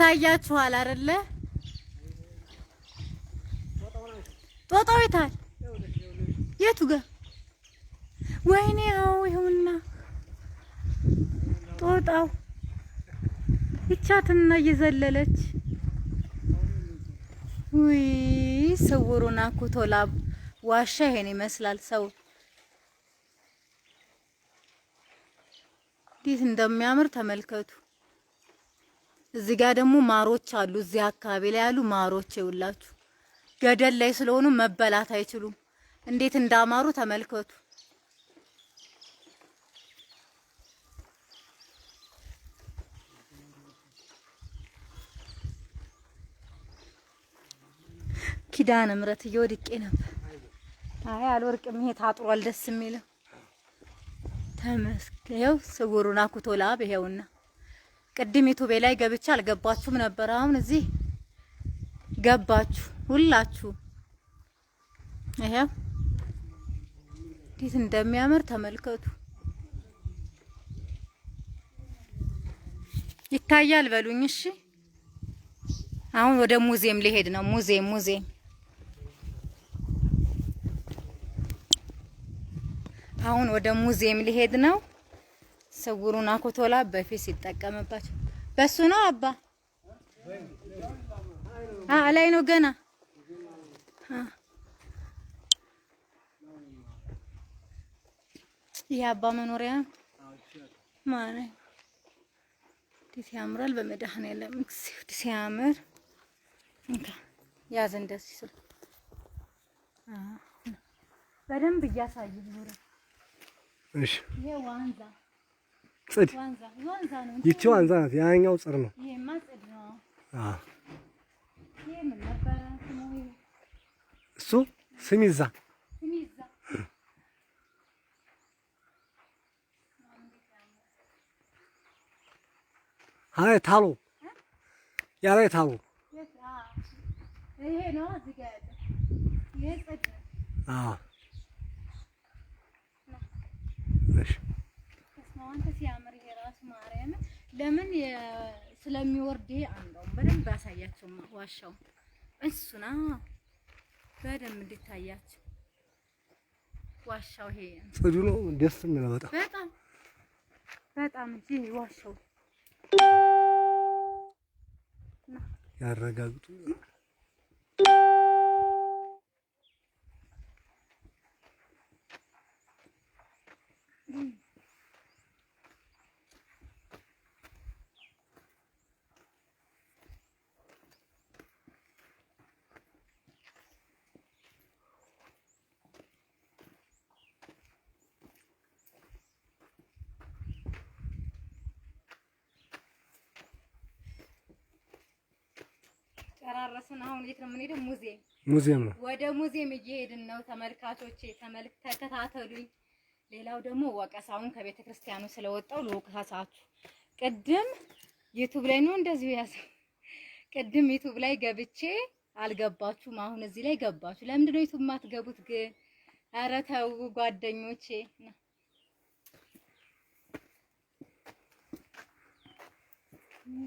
ታያችኋል አይደለ? ጦጣው ይታል። የቱ ጋር? ወይኔ አው ይሁንና ጦጣው ይቻትና እየዘለለች ውይ ስውሩን አኩቶ ላብ ዋሻ ይሄን ይመስላል። ሰው እንዴት እንደሚያምር ተመልከቱ። እዚህ ጋር ደግሞ ማሮች አሉ። እዚህ አካባቢ ላይ ያሉ ማሮች ይውላችሁ ገደል ላይ ስለሆኑ መበላት አይችሉም። እንዴት እንዳማሩ ተመልከቱ። ኪዳነ ምሕረት እየወድቄ ነበር። አይ አልወርቅም። ይሄ ታጥሯል። ደስ የሚለው ተመስገን። ይኸው ስውሩን አኩቶ ላብ ቅድም ዩቱቤ ላይ ገብቼ አልገባችሁም ነበር። አሁን እዚህ ገባችሁ ሁላችሁ። ይሄ እንዴት እንደሚያምር ተመልከቱ። ይታያል በሉኝ። እሺ አሁን ወደ ሙዚየም ሊሄድ ነው። ሙዚየም ሙዚየም አሁን ወደ ሙዚየም ሊሄድ ነው። ስውሩን አኩቶላ በፊት ሲጠቀምባቸው በሱ ነው አባ አ ላይ ነው ገና የአባ መኖሪያ ማነ እንዴት ያምራል! በመድኃኔዓለም እግዚአብሔር ሲያምር እንካ ያዝ እንደዚህ ስል በደንብ እያሳየሁ ነው። እሺ ይሄ ዋንዛ ፅድ ይቺ ዋንዛ ናት። ያኛው ፅድ ነው። እሱ ስሚዛ አይ ታሎ ያላይ ታሎ አዎ እሺ አንተ ሲያምር ይሄ ራሱ ማርያም ለምን ስለሚወርድ ይሄ አንጋውን በደንብ ባሳያቸው ዋሻው እሱና በደንብ እንዲታያቸው ዋሻው ይሄ ጽዱ ነው። ደስ የሚለው በጣም በጣም በጣም ይሄ ዋሻው ያረጋግጡ ይሄ ጨራረስን። አሁን የት ነው የምንሄደው? ሙዚየም ሙዚየም ነው። ወደ ሙዚየም እየሄድን ነው። ተመልካቾቼ ተከታተሉኝ። ሌላው ደግሞ ወቀሳውን ከቤተ ክርስቲያኑ ስለወጣው ልውቀሳችሁ። ቅድም ዩቱብ ላይ ነው እንደዚሁ ያዘ። ቅድም ዩቱብ ላይ ገብቼ አልገባችሁም። አሁን እዚህ ላይ ገባችሁ። ለምንድን ነው ዩቱብ ማትገቡት ግን? ኧረ ተው ጓደኞቼ።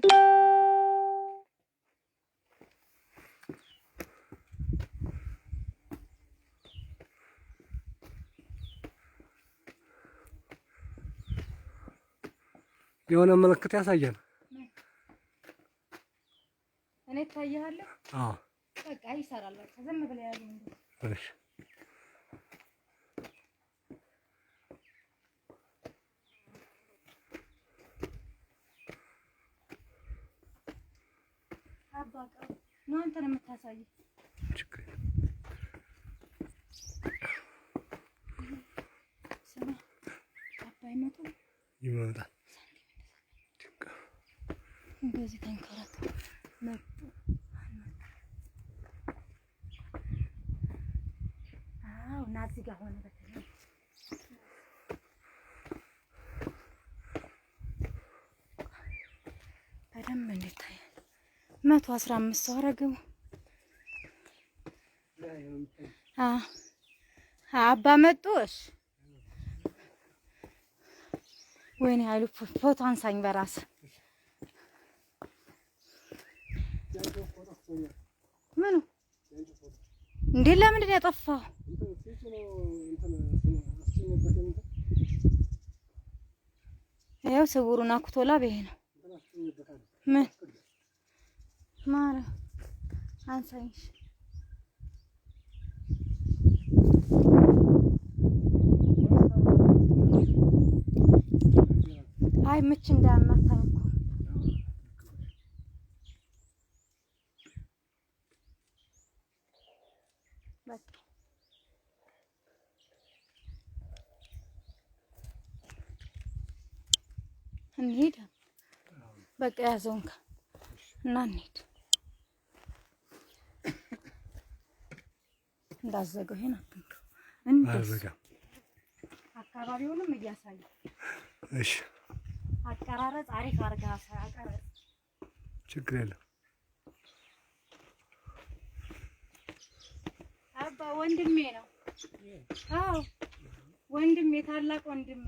Thank you. የሆነ ምልክት ያሳያል። እኔ ታያለህ? አዎ በቃ ይሰራል። በቃ ዝም ብለህ ያዙ። እሺ ነው አንተን የምታሳየው ይመጣል እንደዚህ ተንከራተው መጡ። አዎ እና እዚህ ጋር ሆነ በተለይ በደንብ እንድታያል። መቶ አስራ አምስት ሰው አባ መጡ። እሺ ወይኔ ፎቶ አንሳኝ በራስ ለምንድን ያጠፋው? ያው ስውሩን አኩቶ ላብ ይሄ ነው። ምን ማርያም አንሳኝ አይ ምች እንዳያማታኝ እንሂድ። በቃ ያዘውን እና እንሂድ። እንዳዘገው ይሄን አትንከው። አካባቢውንም እያሳየ እሺ፣ አቀራረጽ አሪፍ አድርገህ አቀራረጽ፣ ችግር የለም አባ ወንድሜ ነው። አዎ ወንድሜ፣ ታላቅ ወንድሜ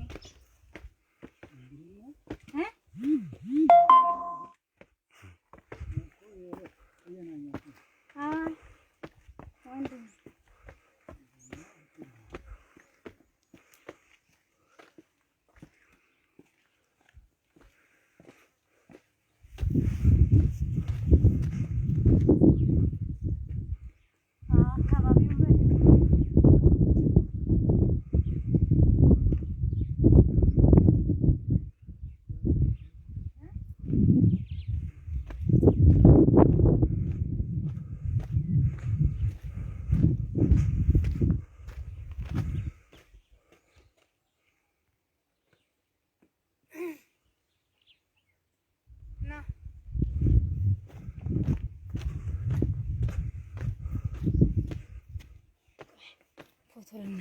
Ah, onde?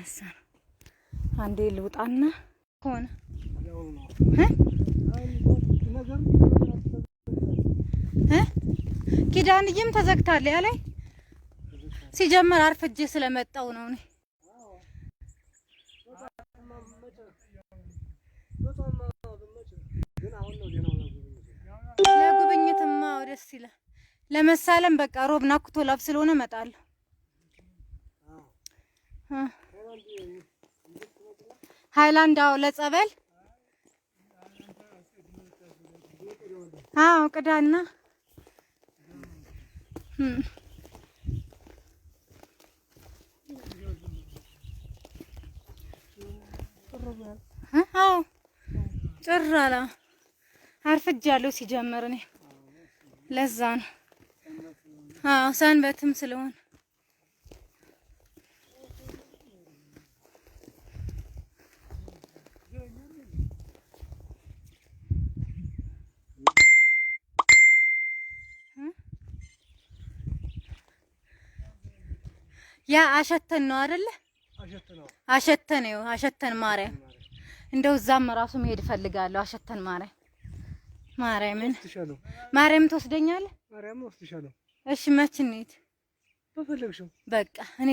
የተነሳ ነው። አንዴ ልውጣና ከሆነ ኪዳንዬም ተዘግታለ ያለ ሲጀመር አርፍጄ ስለመጣው ነው። እኔ ለጉብኝትማ ደስ ይላል። ለመሳለም በቃ ሮብ ናኩቶ ላብ ስለሆነ እመጣለሁ። ሃይላንድ አዎ፣ ለጸበል አዎ፣ ቅዳና አዎ፣ ጭር አለ። አርፍጃለሁ ሲጀምር እኔ ለዛ ነው። አዎ፣ ሰንበትም ስለሆነ ያ አሸተን ነው አይደለ? አሸተን ነው አሸተን ማርያም። እንደው እዛም ራሱ መሄድ እፈልጋለሁ። አሸተን ማርያም ማርያምን ማርያም ትወስደኛለህ? እሺ መች እንሂድ? በፈለግሽው በቃ እኔ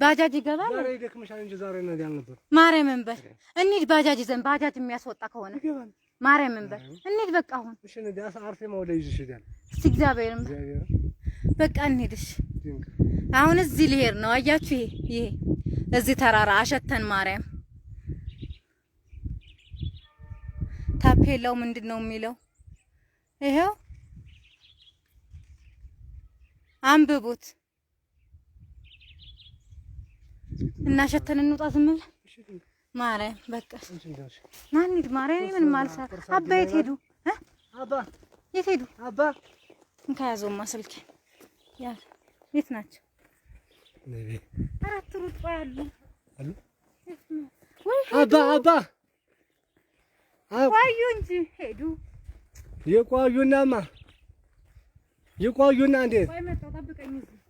ባጃጅ ይገባል። ዛሬ ይደክምሻል እንጂ ዛሬ ነው ያልነበር። ማርያምን በል እንሂድ፣ ባጃጅ ይዘን ባጃጅ የሚያስወጣ ከሆነ ማርያምን በል እንሂድ። በቃ አሁን እሺ፣ እግዚአብሔርም በቃ እንሄድሽ። አሁን እዚህ ልሄድ ነው። አያችሁ፣ ይሄ ይሄ እዚህ ተራራ አሸተን ማርያም ታፔላው ምንድን ነው የሚለው? ይሄው አንብቡት እና ሸተን እንውጣ። ዝም ብለህ ማርያም በቃ ማን ሂድ ማርያም ምን ማልሳ አባ የት ሄዱ? የት ሄዱ? አባ እንካ ያዘውማ ስልኬ ያል የት ናቸው? አራት ሩጥ ያሉ አሉ። አባ አባ ቆዩ እንጂ ሄዱ። የቆዩናማ የቆዩና እንዴት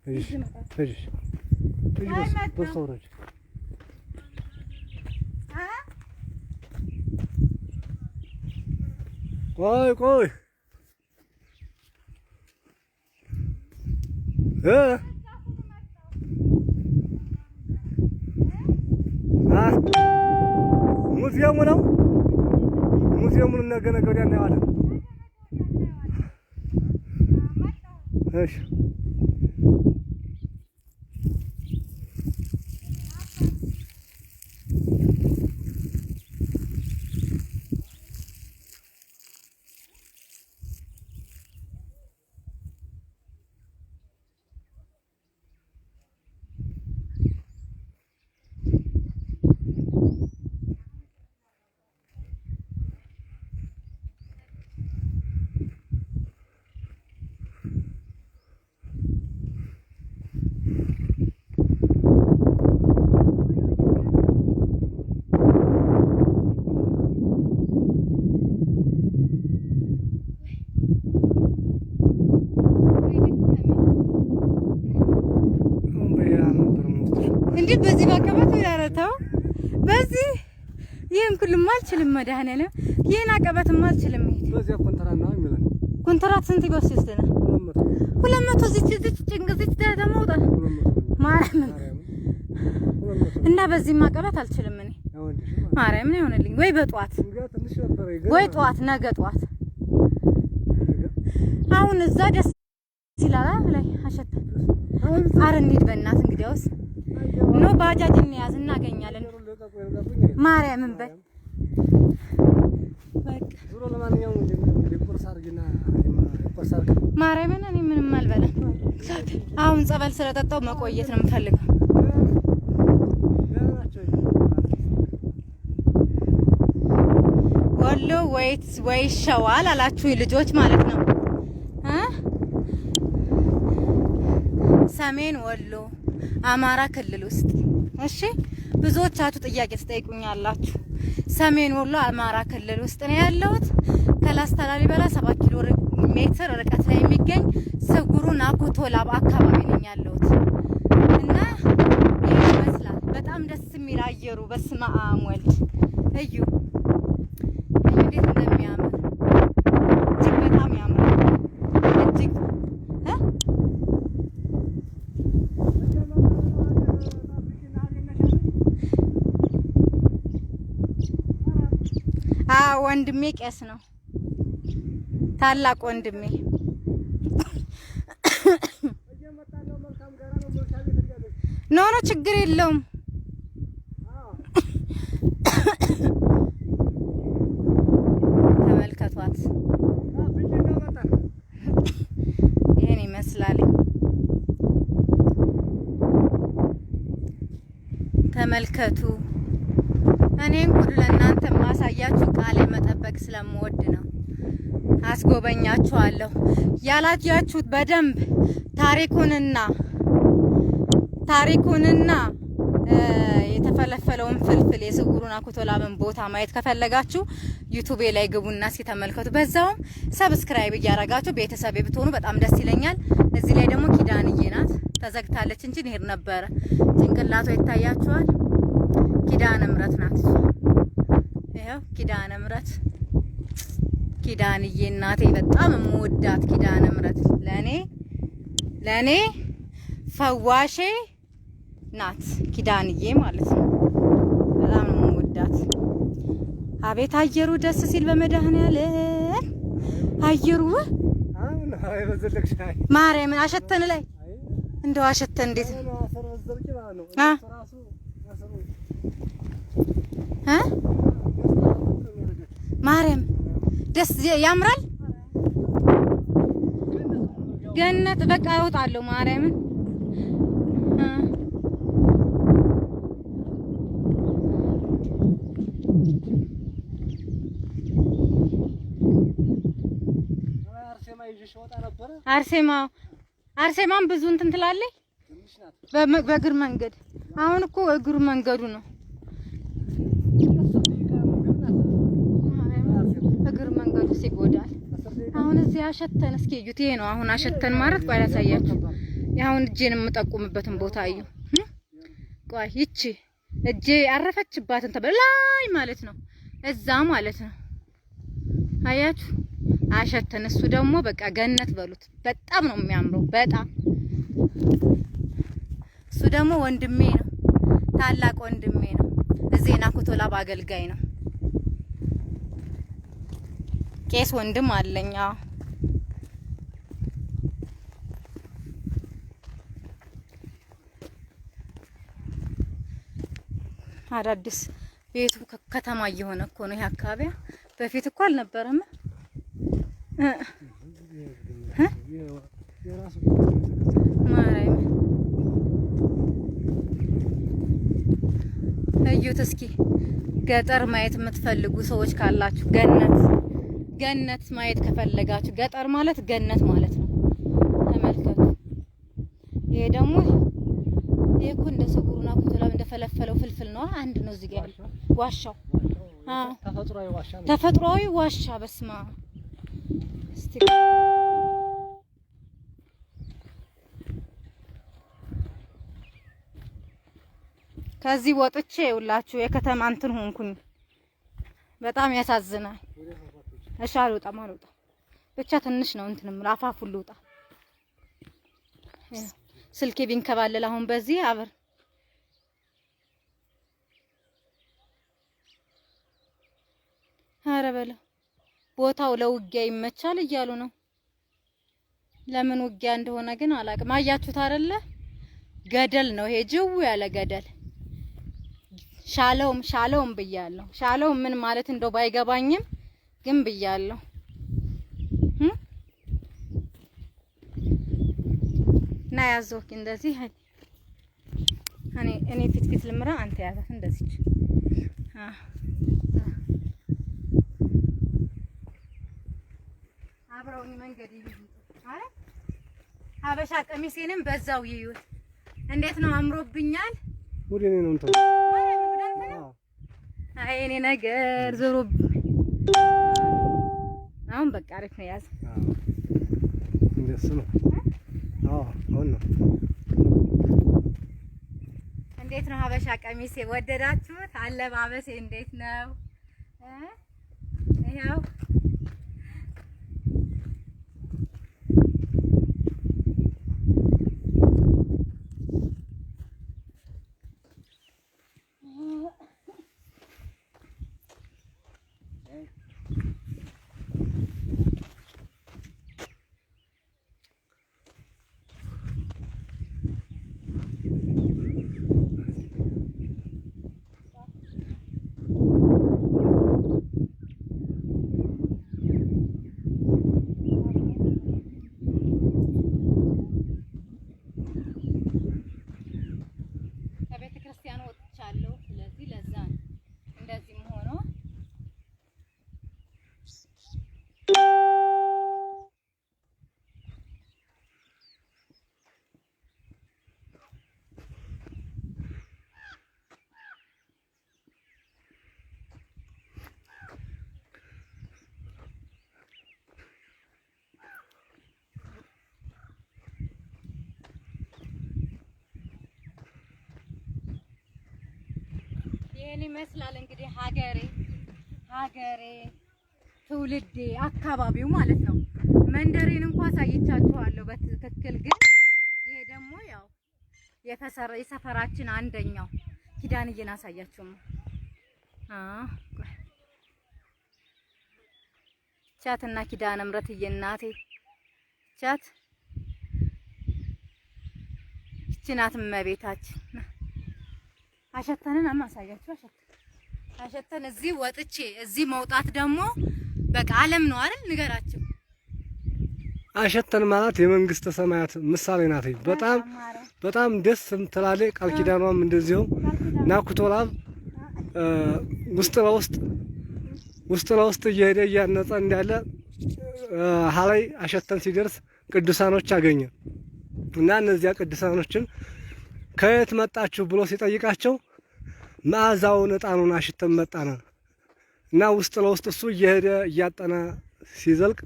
ቆይ ቆይ ሙዚየሙ ነው። ሙዚየሙን ነገ ነገ ወዲያ እናየዋለን። እሺ አልችልም። መድኃኒዓለም ይህን አቀበትማ አልችልም። ይሄድ ኮንትራት ስንት ይወስድና ሁለት መቶ ዚች ዚች ጭንቅ ዚች ደግሞ ውጣ ማርያምን እና በዚህ ማቀበት አልችልም። እኔ ማርያምን ይሆንልኝ ወይ በጠዋት ወይ ጠዋት ነገ ጠዋት አሁን እዛ ደስ ሲላላ ላይ አሸታ አረ እንሂድ በእናት እንግዲያውስ ኖ ባጃጅ እንያዝ እናገኛለን ማርያምን በል ማርያምን እኔ ምንም አልበላም። አሁን ጸበል ስለጠጣው መቆየት ነው የምፈልገው። ወሎ ወይት ወይ ሸዋል አላችሁ ልጆች ማለት ነው። ሰሜን ወሎ አማራ ክልል ውስጥ እሺ ብዙዎቻችሁ ጥያቄ ትጠይቁኛ ሰሜን ወሎ አማራ ክልል ውስጥ ነው ያለሁት። ከላስታ ላሊበላ 7 ኪሎ ሜትር ርቀት ላይ የሚገኝ ስጉሩ ናኩቶ ላባ አካባቢ ነኝ ያለሁት እና ይህ ይመስላል። በጣም ደስ የሚል አየሩ በስመ አብ ወልድ እዩ ቄስ ነው ታላቅ ወንድሜ። ኖ ኖ ችግር የለውም። ተመልከቷት፣ ይህን ይመስላል። ተመልከቱ። ማድረግ ስለምወድ ነው። አስጎበኛችኋለሁ። ያላያችሁት በደንብ ታሪኩንና ታሪኩንና የተፈለፈለውን ፍልፍል የስውሩን አኩቶላብን ቦታ ማየት ከፈለጋችሁ ዩቱቤ ላይ ግቡና ሲተመልከቱ፣ በዛውም ሰብስክራይብ እያረጋችሁ ቤተሰብ ብትሆኑ በጣም ደስ ይለኛል። እዚህ ላይ ደግሞ ኪዳንዬ ናት ተዘግታለች እንጂ ይሄድ ነበረ። ጭንቅላቷ ይታያችኋል። ኪዳነ ምሕረት ናት። ይኸው ኪዳነ ምሕረት ኪዳንዬ እናቴ በጣም የምወዳት ኪዳነ ምሕረት ለኔ ለኔ ፈዋሼ ናት ኪዳንዬ ማለት ነው። በጣም ነው የምወዳት። አቤት አየሩ ደስ ሲል በመድኃኒዓለም አየሩ ማርያምን አሸተን ላይ እንደው አሸተን እንዴት ማርያም ደስ ያምራል። ገነት በቃ እወጣለሁ ማርያምን አርሴማ አርሴማም ብዙ እንትን ትላለች በእግር መንገድ። አሁን እኮ እግር መንገዱ ነው። ይጎዳል። አሁን እዚህ አሸተን እስኪ እዩት። ይሄ ነው አሁን አሸተን ማለት ቆይ ያሳያችሁ። አሁን እጄን የምጠቁምበትን ቦታ እዩ። ቆይ ይቺ እጄ አረፈችባትን ተበላይ ማለት ነው፣ እዛ ማለት ነው። አያችሁ አሸተን። እሱ ደግሞ በቃ ገነት በሉት። በጣም ነው የሚያምረው። በጣም እሱ ደግሞ ወንድሜ ነው፣ ታላቅ ወንድሜ ነው። እዚህ ናኩቶላ አገልጋይ ነው። ቄስ ወንድም አለኝ። አዳዲስ ቤቱ ከተማ እየሆነ እኮ ነው። ይሄ አካባቢ በፊት እኮ አልነበረም። እዩት እስኪ ገጠር ማየት የምትፈልጉ ሰዎች ካላችሁ ገነት ገነት ማየት ከፈለጋችሁ ገጠር ማለት ገነት ማለት ነው። ተመልከቱ። ይሄ ደግሞ ይሄ እኮ እንደ ሰጉሩና ኩቶላ እንደፈለፈለው ፍልፍል ነው። አንድ ነው እዚህ ጋር ዋሻው። አዎ ተፈጥሯዊ ዋሻ ነው። ተፈጥሯዊ ዋሻ ከዚህ ወጥቼ ይውላችሁ የከተማ እንትን ሆንኩኝ። በጣም ያሳዝናል። እሺ፣ አልወጣም አልወጣም። ብቻ ትንሽ ነው እንትን አፋፉ ልውጣ። ስልኬ ቢንከባለል አሁን በዚህ አብር ኧረ በለው ቦታው ለውጊያ ይመቻል እያሉ ነው። ለምን ውጊያ እንደሆነ ግን አላውቅም። አያችሁት አይደለ? ገደል ነው ይሄ ጅው ያለ ገደል። ሻለውም ሻለውም ብያለሁ። ሻለውም ምን ማለት እንደው ባይገባኝም ግን ብያለሁ። እና ያዘውክ እንደዚህ እኔ እኔ ፊት ፊት ልምራ፣ አንተ ያዛት እንደዚህ አብረውኝ መንገድ ይይዙ ማለት ሀበሻ ቀሚሴንም በዛው ይዩት። እንዴት ነው አምሮብኛል። ወደ ነው እንትን አይ እኔ ነገር ዞሮብኝ አሁን በቃ አሪፍ ነው የያዘ እንደሱ ነው። አዎ አሁን ነው። እንዴት ነው ሀበሻ ቀሚስ ወደዳችሁት? አለባበሴ እንዴት ነው? ይኸው ይህን ይመስላል እንግዲህ ሀገሬ ሀገሬ ትውልዴ አካባቢው ማለት ነው። መንደሬን እንኳ አሳይቻችኋለሁ በትክክል ግን ይሄ ደግሞ ያው የሰፈራችን አንደኛው ኪዳንዬን አሳያችሁም ነው። ቻትና ኪዳነ ምሕረትዬ እናቴ ቻት ይቺ ናት እመቤታችን። አሸተንን አማሳያችሁ አሸተን አሸተን እዚህ ወጥቼ እዚህ መውጣት ደግሞ በቃ ዓለም ነው አይደል? ንገራችሁ። አሸተን ማለት የመንግስተ ሰማያት ምሳሌ ናት። በጣም በጣም ደስ ትላለች። ቃል ኪዳኗም እንደዚሁ ናኩቶ ላብ ውስጥ ለውስጥ ውስጥ ለውስጥ እየሄደ እያነጸ እንዳለ ሀላይ አሸተን ሲደርስ ቅዱሳኖች አገኘ እና እነዚያ ቅዱሳኖችን ከየት መጣችሁ ብሎ ሲጠይቃቸው መዓዛውን እጣኑን አሽተን መጣነ እና ውስጥ ለውስጥ እሱ እየሄደ እያጠና ሲዘልቅ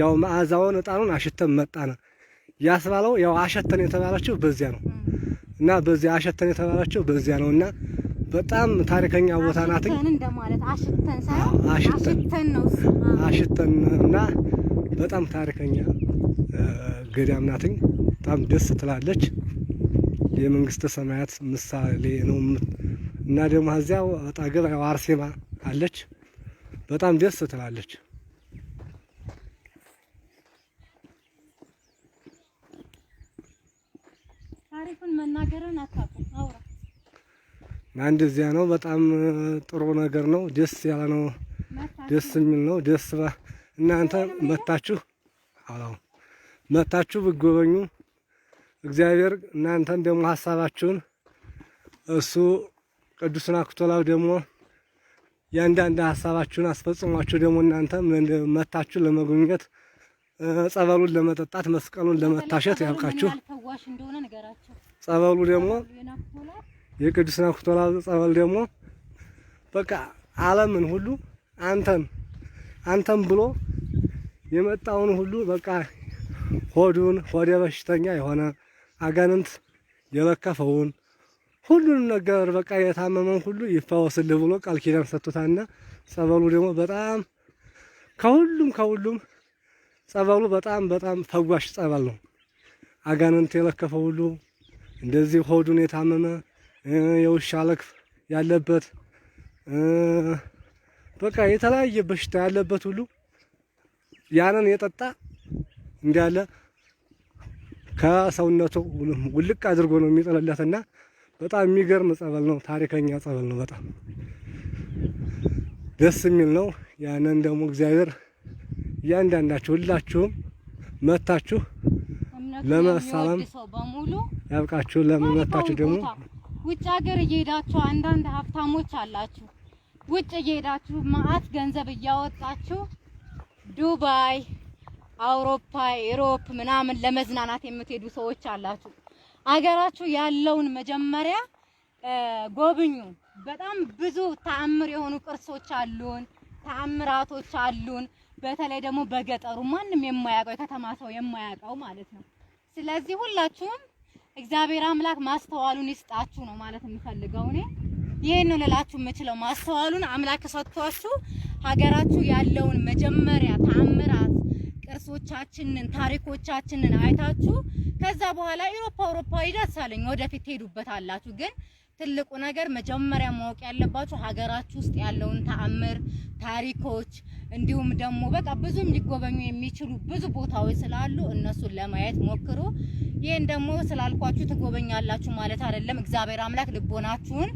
ያው መዓዛውን እጣኑን አሽተን መጣነ ያስባለው ያው አሸተን የተባለችው በዚያ ነው እና በዚያ አሸተን የተባለችው በዚያ ነው እና በጣም ታሪከኛ ቦታ ናት። አሽተን እና በጣም ታሪከኛ ገዳም ናትኝ። በጣም ደስ ትላለች። የመንግስተ ሰማያት ምሳሌ ነው። እና ደግሞ እዚያው አጠገብ አርሴማ አለች። በጣም ደስ ትላለች። ታሪኩን መናገርን አታውቅም። አውራ አንድ እዚያ ነው። በጣም ጥሩ ነገር ነው። ደስ ያለ ነው። ደስ የሚል ነው። ደስ ባ እናንተ መታችሁ አላው መታችሁ ብጎበኙ እግዚአብሔር እናንተን ደግሞ ሀሳባችሁን እሱ ቅዱስ ራኩቶላው ደግሞ የአንዳንድ ሀሳባችሁን አስፈጽሟችሁ ደግሞ እናንተ መታችሁ ለመጎብኘት ጸበሉን ለመጠጣት መስቀሉን ለመታሸት ያብቃችሁ። ጸበሉ ደግሞ የቅዱስ ራኩቶላው ጸበል ደግሞ በቃ ዓለምን ሁሉ አንተን አንተን ብሎ የመጣውን ሁሉ በቃ ሆዱን ሆደ በሽተኛ የሆነ አጋንንት የለከፈውን ሁሉንም ነገር በቃ የታመመን ሁሉ ይፈወስልህ ብሎ ቃል ኪዳን ሰጥቶታልና ጸበሉ ደግሞ በጣም ከሁሉም ከሁሉም ጸበሉ በጣም በጣም ፈጓሽ ጸበል ነው። አጋንንት የለከፈ ሁሉ እንደዚህ ሆዱን የታመመ የውሻ ለክፍ ያለበት በቃ የተለያየ በሽታ ያለበት ሁሉ ያንን የጠጣ እንዳለ ከሰውነቱ ውልቅ አድርጎ ነው የሚጠለለትና በጣም የሚገርም ጸበል ነው። ታሪከኛ ጸበል ነው። በጣም ደስ የሚል ነው። ያንን ደግሞ እግዚአብሔር እያንዳንዳችሁ ሁላችሁም መታችሁ ለመሳለም ያብቃችሁ። ለመመታችሁ ደግሞ ውጭ ሀገር እየሄዳችሁ አንዳንድ ሀብታሞች አላችሁ፣ ውጭ እየሄዳችሁ ማአት ገንዘብ እያወጣችሁ ዱባይ፣ አውሮፓ፣ ኢሮፕ ምናምን ለመዝናናት የምትሄዱ ሰዎች አላችሁ። አገራችሁ ያለውን መጀመሪያ ጎብኙ። በጣም ብዙ ተአምር የሆኑ ቅርሶች አሉን፣ ተአምራቶች አሉን። በተለይ ደግሞ በገጠሩ ማንም የማያውቀው የከተማ ሰው የማያውቀው ማለት ነው። ስለዚህ ሁላችሁም እግዚአብሔር አምላክ ማስተዋሉን ይስጣችሁ ነው ማለት የምፈልገው እኔ ይሄን ልላችሁ የምችለው ማስተዋሉን አምላክ ሰጥቷችሁ ሀገራችሁ ያለውን መጀመሪያ ተአምራት ቅርሶቻችንን ታሪኮቻችንን አይታችሁ ከዛ በኋላ ኢሮፓ አውሮፓ ይደርሳለኝ ወደፊት ትሄዱበት አላችሁ። ግን ትልቁ ነገር መጀመሪያ ማወቅ ያለባችሁ ሀገራችሁ ውስጥ ያለውን ተአምር ታሪኮች፣ እንዲሁም ደግሞ በቃ ብዙም ሊጎበኙ የሚችሉ ብዙ ቦታዎች ስላሉ እነሱን ለማየት ሞክሩ። ይህን ደግሞ ስላልኳችሁ ትጎበኛላችሁ ማለት አይደለም። እግዚአብሔር አምላክ ልቦናችሁን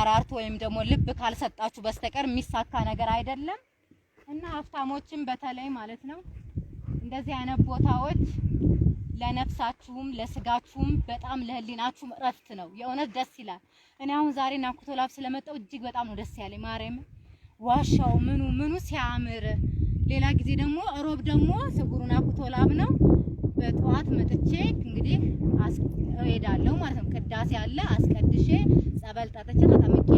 አራርቶ ወይም ደግሞ ልብ ካልሰጣችሁ በስተቀር የሚሳካ ነገር አይደለም እና ሀብታሞችን በተለይ ማለት ነው እንደዚህ አይነት ቦታዎች ለነፍሳችሁም ለስጋችሁም በጣም ለህሊናችሁም እረፍት ነው። የእውነት ደስ ይላል። እኔ አሁን ዛሬ ናኩቶ ላብ ስለመጣው እጅግ በጣም ነው ደስ ያለኝ። ማርያም ዋሻው ምኑ ምኑ ሲያምር፣ ሌላ ጊዜ ደግሞ እሮብ ደግሞ ስጉሩ ናኩቶ ላብ ነው። በጠዋት መጥቼ እንግዲህ እሄዳለሁ ማለት ነው። ቅዳሴ አለ አስቀድሼ ጸበል ጠጥቼ ተጠምቄ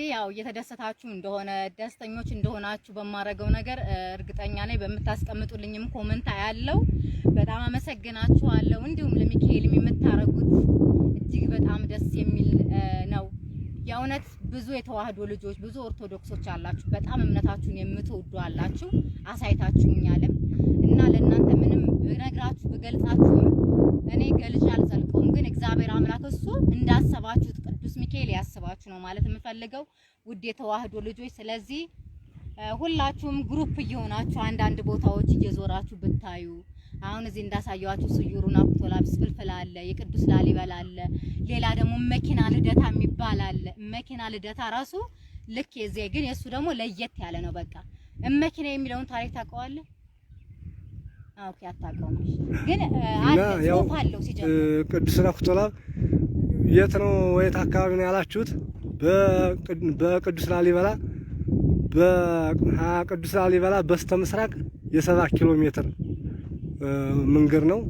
እንግዲህ ያው እየተደሰታችሁ እንደሆነ ደስተኞች እንደሆናችሁ በማረገው ነገር እርግጠኛ ነኝ። በምታስቀምጡልኝም ኮመንት ያለው በጣም አመሰግናችኋለሁ። እንዲሁም ለሚካኤልም የምታረጉት እጅግ በጣም ደስ የሚል ነው። የእውነት ብዙ የተዋህዶ ልጆች ብዙ ኦርቶዶክሶች አላችሁ። በጣም እምነታችሁን የምትወዱ አላችሁ። አሳይታችሁኛልም እና ለእናንተ ምንም ብነግራችሁ ብገልጻችሁም እኔ ገልጬ አልዘልቀውም። ግን እግዚአብሔር አምላክ እሱ እንዳሰባችሁት ቅዱስ ሚካኤል ያስባችሁ ነው ማለት የምፈልገው ውድ የተዋህዶ ልጆች። ስለዚህ ሁላችሁም ግሩፕ እየሆናችሁ አንዳንድ ቦታዎች እየዞራችሁ ብታዩ አሁን እዚህ እንዳሳየዋችሁ ስዩሩና አብቶላብስ ፍልፍል አለ፣ የቅዱስ ላሊበላ አለ። ሌላ ደግሞ መኪና ልደታ የሚባል አለ። መኪና ልደታ ራሱ ልክ የዚህ ግን የእሱ ደግሞ ለየት ያለ ነው። በቃ መኪና የሚለውን ታሪክ ታውቀዋለህ? ቅዱስ አታውቀውም። የት ነው ወይት አካባቢ ነው ያላችሁት? በቅዱስ ላሊበላ በቅዱስ ላሊበላ በስተ ምስራቅ የሰባት ኪሎ ሜትር መንገድ ነው።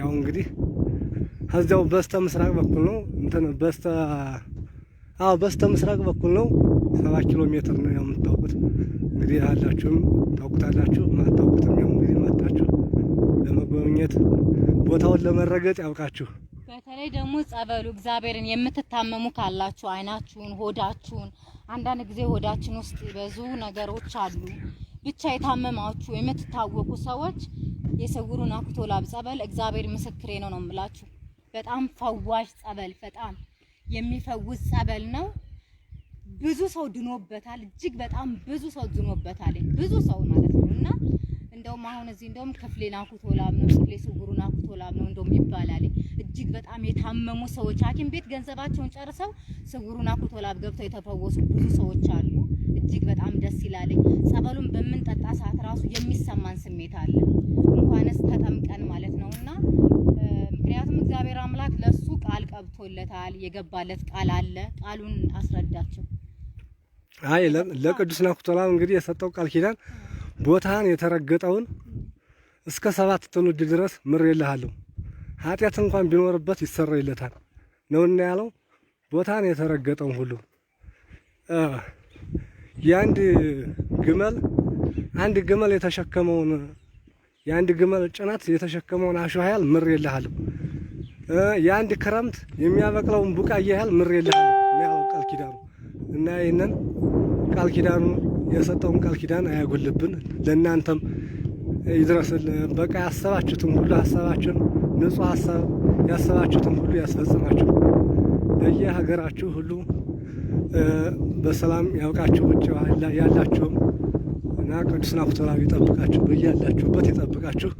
ያው እንግዲህ እዚያው በስተ ምስራቅ በኩል ነው እንትን በስተ አዎ በስተ ምስራቅ በኩል ነው። ሰባ ኪሎ ሜትር ነው ያው የምታውቁት እንግዲህ ያላችሁም ታውቁታላችሁ፣ ማታውቁትም ያው እንግዲህ መጣችሁ ለመጎብኘት ቦታውን ለመረገጥ ያውቃችሁ። በተለይ ደግሞ ጸበሉ እግዚአብሔርን የምትታመሙ ካላችሁ አይናችሁን፣ ሆዳችሁን አንዳንድ ጊዜ ሆዳችን ውስጥ ብዙ ነገሮች አሉ ብቻ የታመማችሁ የምትታወቁ ሰዎች የስውሩን አክቶላብ ጸበል እግዚአብሔር ምስክሬ ነው ነው የምላችሁ። በጣም ፈዋሽ ጸበል፣ በጣም የሚፈውስ ጸበል ነው። ብዙ ሰው ድኖበታል። እጅግ በጣም ብዙ ሰው ድኖበታል። ብዙ ሰው ማለት ነው እና እንደውም አሁን እዚህ እንደውም ክፍሌን አኩቶላብ ነው ክፍሌ ስውሩን አኩቶላብ ነው እንደውም ይባላል። እጅግ በጣም የታመሙ ሰዎች ሐኪም ቤት ገንዘባቸውን ጨርሰው ስውሩን አኩቶላብ ገብተው የተፈወሱ ብዙ ሰዎች አሉ። እጅግ በጣም ደስ ይላልኝ። ጸበሉን በምንጠጣ ሰዓት ራሱ የሚሰማን ስሜት አለ እንኳንስ ተጠምቀን ማለት ነውና፣ ምክንያቱም እግዚአብሔር አምላክ ለሱ ቃል ቀብቶለታል። የገባለት ቃል አለ። ቃሉን አስረዳቸው። አይ ለቅዱስ ናኩቶላም እንግዲህ የሰጠው ቃል ኪዳን ቦታን የተረገጠውን እስከ ሰባት ትውልድ ድረስ ምሬልሃለሁ፣ ኃጢአት እንኳን ቢኖርበት ይሰረይለታል ነውና ያለው ቦታን የተረገጠውን ሁሉ የአንድ ግመል አንድ ግመል የተሸከመውን የአንድ ግመል ጭነት የተሸከመውን አሸዋ ያህል ምር የለሃል። የአንድ ክረምት የሚያበቅለውን ቡቃ ያህል ምር የለሃል። ያው ቃል ኪዳኑ እና ይህንን ቃል ኪዳኑ የሰጠውን ቃል ኪዳን አያጎልብን፣ ለእናንተም ይድረስል። በቃ ያሰባችሁትን ሁሉ ሀሳባችን ንጹሕ ሀሳብ ያሰባችሁትን ሁሉ ያስፈጽማችሁ በየሀገራችሁ ሁሉ በሰላም ያውቃችሁ ውጭ ያላችሁም እና ቅዱስና ናኩቶ ይጠብቃችሁ፣ በያላችሁበት ይጠብቃችሁ።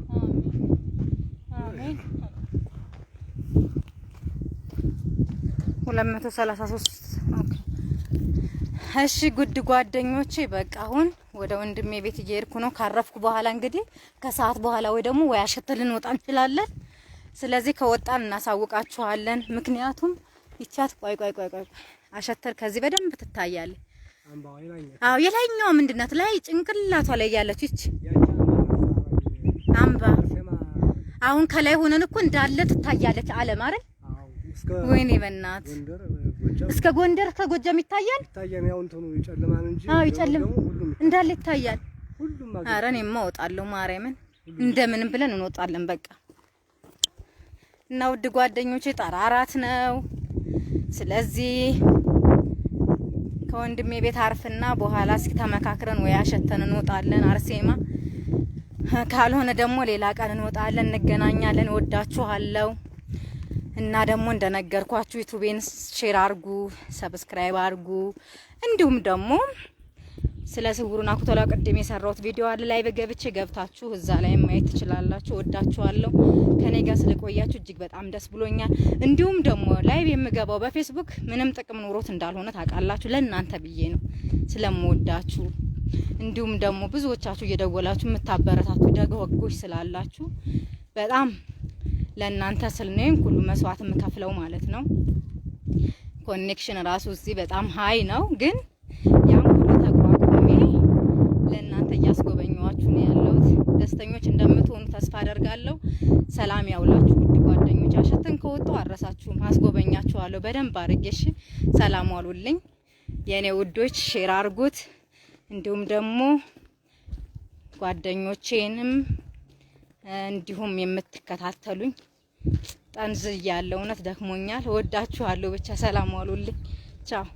ሁለት መቶ ሰላሳ ሶስት እሺ ጉድ ጓደኞቼ፣ በቃ አሁን ወደ ወንድሜ ቤት እየሄድኩ ነው። ካረፍኩ በኋላ እንግዲህ ከሰዓት በኋላ ወይ ደግሞ ወይ አሸት ልንወጣ እንችላለን። ስለዚህ ከወጣን እናሳውቃችኋለን። ምክንያቱም ይቻት ቆይ ቆይ ቆይ ቆይ አሸተር ከዚህ በደንብ ትታያለች። አዎ የላይኛው ምንድናት ላይ ጭንቅላቷ ላይ ያለች ይች አምባ አሁን ከላይ ሆነን እኮ እንዳለ ትታያለች። ዓለም አይደል? ወይኔ በእናት እስከ ጎንደር ከጎጃም ይታያል። አዎ ይጨልም እንዳለ ይታያል። አረ እኔማ እወጣለሁ ማርያምን እንደምንም ብለን እንወጣለን በቃ እና ውድ ጓደኞቼ ጠራራት ነው። ስለዚህ ከወንድሜ ቤት አርፍና በኋላ እስኪ ተመካክረን ወይ አሸተን እንወጣለን። አርሴማ ካልሆነ ደግሞ ሌላ ቀን እንወጣለን፣ እንገናኛለን። ወዳችኋለሁ እና ደግሞ እንደነገርኳችሁ ዩቱቤን ሼር አርጉ፣ ሰብስክራይብ አርጉ እንዲሁም ደግሞ ስለ ስውሩን አኩተላ ቅድም የሰራሁት ቪዲዮ አለ ላይ በገብቼ ገብታችሁ እዛ ላይ ማየት ትችላላችሁ። ወዳችኋለሁ። ከኔ ጋር ስለቆያችሁ እጅግ በጣም ደስ ብሎኛል። እንዲሁም ደግሞ ላይቭ የምገባው በፌስቡክ ምንም ጥቅም ኑሮት እንዳልሆነ ታውቃላችሁ። ለእናንተ ብዬ ነው ስለምወዳችሁ። እንዲሁም ደግሞ ብዙዎቻችሁ እየደወላችሁ የምታበረታቱ ወጎች ስላላችሁ በጣም ለእናንተ ስል ነው ሁሉ መስዋዕት የምከፍለው ማለት ነው። ኮኔክሽን ራሱ እዚህ በጣም ሀይ ነው ግን ለእናንተ እያስጎበኘዋችሁ ነው ያለሁት። ደስተኞች እንደምትሆኑ ተስፋ አደርጋለሁ። ሰላም ያውላችሁ ውድ ጓደኞች። አሸትን ከወጡ አረሳችሁም፣ አስጎበኛችኋለሁ በደንብ አድርጌሽ። ሰላም ዋሉልኝ የእኔ ውዶች፣ ሼር እንዲሁም ደግሞ ጓደኞቼንም እንዲሁም የምትከታተሉኝ ጠንዝ እያለ እውነት ደክሞኛል። ወዳችኋለሁ። ብቻ ሰላም ዋሉልኝ። ቻው